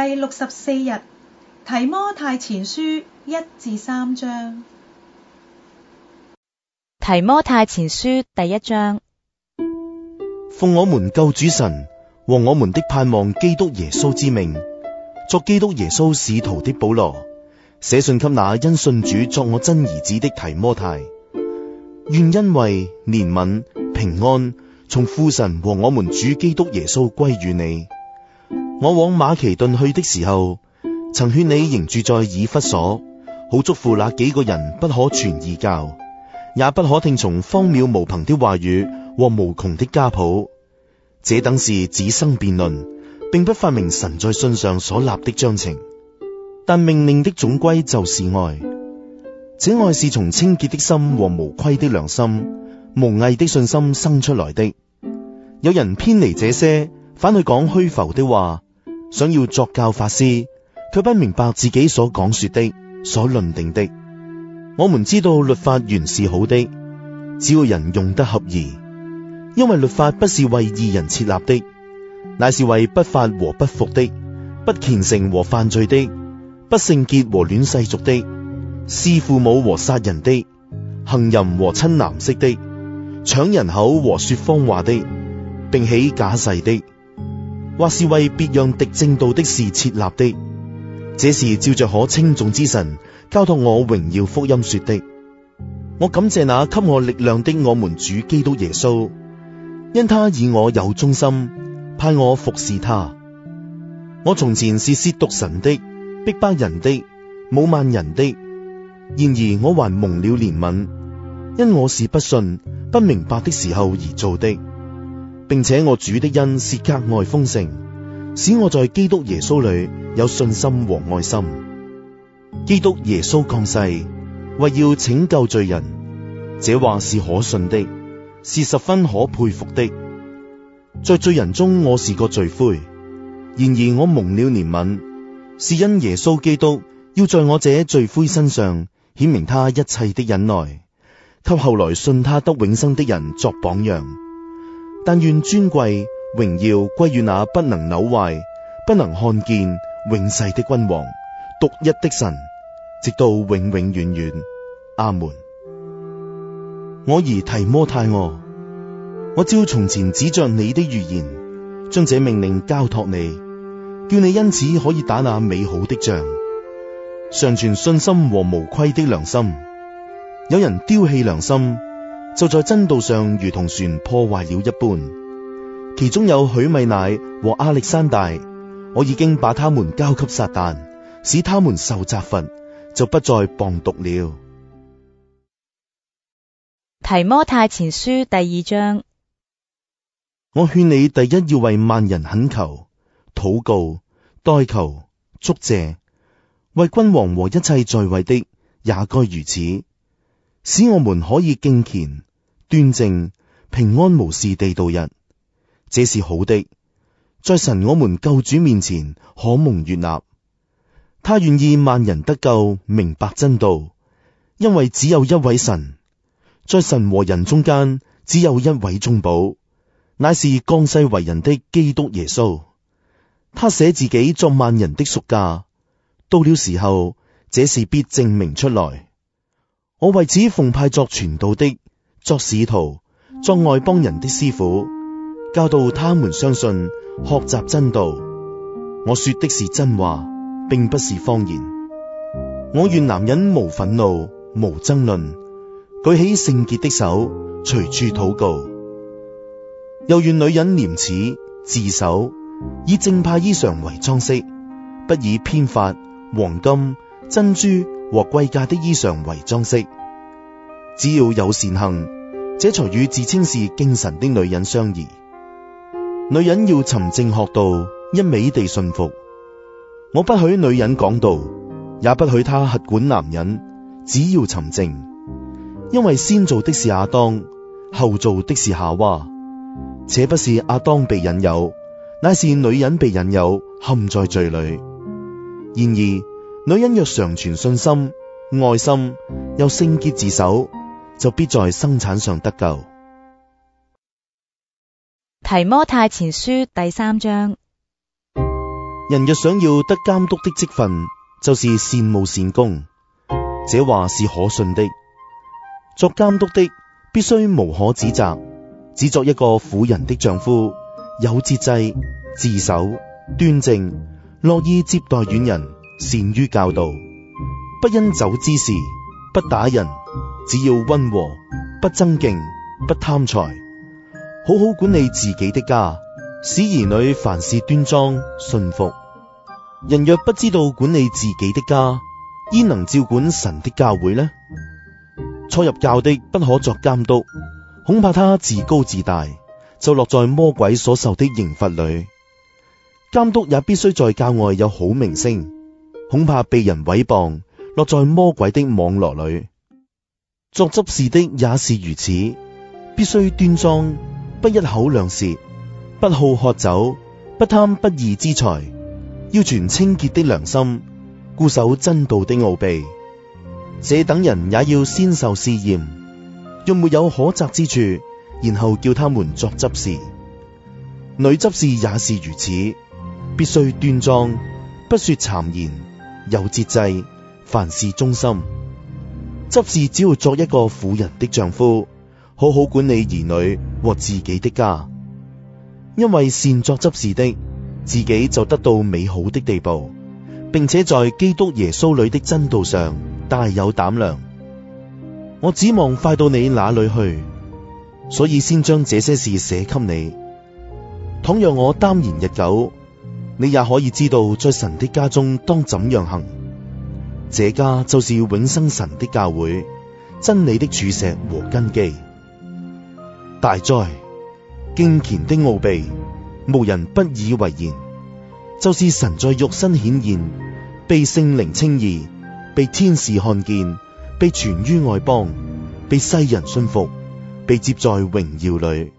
第六十四日，提摩太前書一至三章。提摩太前書第一章。奉我們救主神和我們的盼望基督耶穌之命，作基督耶穌使徒的保羅，寫信給那因信主作我真兒子的提摩太，願恩惠、憐憫、平安，從父神和我們主基督耶穌歸於你。我往馬其頓去的時候，曾勸你仍住在以弗所，好囑咐那幾個人，不可傳異教，也不可聽從荒謬無憑的話語和無窮的家譜。這等事只生辯論，並不發明神在信上所立的章程。但命令的總歸就是愛，這愛是從清潔的心和無虧的良心、無偽的信心生出來的。有人偏離這些，反去講虛浮的話。想要作教法師，卻不明白自己所講說的、所論定的。我們知道律法原是好的，只要人用得合宜。因為律法不是為義人設立的，乃是為不法和不服的、不虔誠和犯罪的、不聖潔和戀世俗的、弒父母和殺人的、行淫和親男色的、搶人口和說謊話的，並起假誓的。或是為別樣敵正道的事設立的，這是照着可稱頌之神交託我榮耀福音說的。我感謝那給我力量的我們主基督耶穌，因他以我有忠心，派我服侍他。我從前是褻瀆神的，逼迫人的，侮慢人的；然而我還蒙了憐憫，因我是不信、不明白的時候而做的。並且我主的恩是格外豐盛，使我在基督耶穌裏有信心和愛心。基督耶穌降世，為要拯救罪人，這話是可信的，是十分可佩服的。在罪人中，我是個罪魁，然而我蒙了憐憫，是因耶穌基督要在我這罪魁身上顯明他一切的忍耐，給後來信他得永生的人作榜樣。但願尊貴榮耀歸於那不能朽壞、不能看見永世的君王，獨一的神，直到永永遠遠。阿門。我兒提摩太啊，我照從前指着你的預言，將這命令交託你，叫你因此可以打那美好的仗，常存信心和無虧的良心。有人丟棄良心。就在真道上，如同船破壞了一般。其中有許米乃和亞歷山大，我已經把他們交給撒旦，使他們受責罰，就不再謗瀆了。提摩太前書第二章。我勸你第一要為萬人懇求、禱告、代求、祝謝，為君王和一切在位的也該如此，使我們可以敬虔。端正平安無事地度日，這是好的。在神我們救主面前可蒙悅納，他願意萬人得救，明白真道，因為只有一位神。在神和人中間，只有一位中保，乃是降世為人的基督耶穌。他捨自己作萬人的贖價，到了時候，這事必證明出來。我為此奉派作傳道的。作使徒，作外邦人的師傅，教導他們相信，學習真道。我說的是真話，並不是謊言。我願男人無憤怒、無爭論，舉起聖潔的手，隨處禱告；又願女人廉恥、自守，以正派衣裳為裝飾，不以編髮、黃金、珍珠和貴價的衣裳為裝飾。只要有善行，這才與自稱是精神的女人相宜。女人要沉靜學道，一味地順服。我不許女人講道，也不許她轄管男人。只要沉靜，因為先做的是亞當，後做的是夏娃。且不是亞當被引誘，乃是女人被引誘，陷在罪裏。然而，女人若常存信心、愛心，又聖潔自守。就必在生產上得救。提摩太前書第三章。人若想要得監督的職分，就是善務善功。」這話是可信的。作監督的必須無可指責，只作一個婦人的丈夫，有節制、自守、端正，樂意接待遠人，善於教導，不因酒之事，不打人。只要溫和，不爭競，不貪財，好好管理自己的家，使兒女凡事端莊順服。人若不知道管理自己的家，焉能照管神的教會呢？初入教的不可作監督，恐怕他自高自大，就落在魔鬼所受的刑罰裏。監督也必須在教外有好名聲，恐怕被人毀謗，落在魔鬼的網羅裏。作執事的也是如此，必須端莊，不一口兩舌，不好喝酒，不貪不義之財，要存清潔的良心，固守真道的奧秘。這等人也要先受試驗，若沒有可責之處，然後叫他們作執事。女執事也是如此，必須端莊，不說讒言，有節制，凡事忠心。執事只要作一個婦人的丈夫，好好管理兒女和自己的家，因為善作執事的，自己就得到美好的地步，並且在基督耶穌裏的真道上大有膽量。我指望快到你那裏去，所以先將這些事寫給你。倘若我耽延日久，你也可以知道在神的家中當怎樣行。這家就是永生神的教會，真理的柱石和根基。大哉，敬虔的奧祕，無人不以為然。就是神在肉身顯現，被聖靈稱義，被天使看見，被傳於外邦，被世人信服，被接在榮耀裏。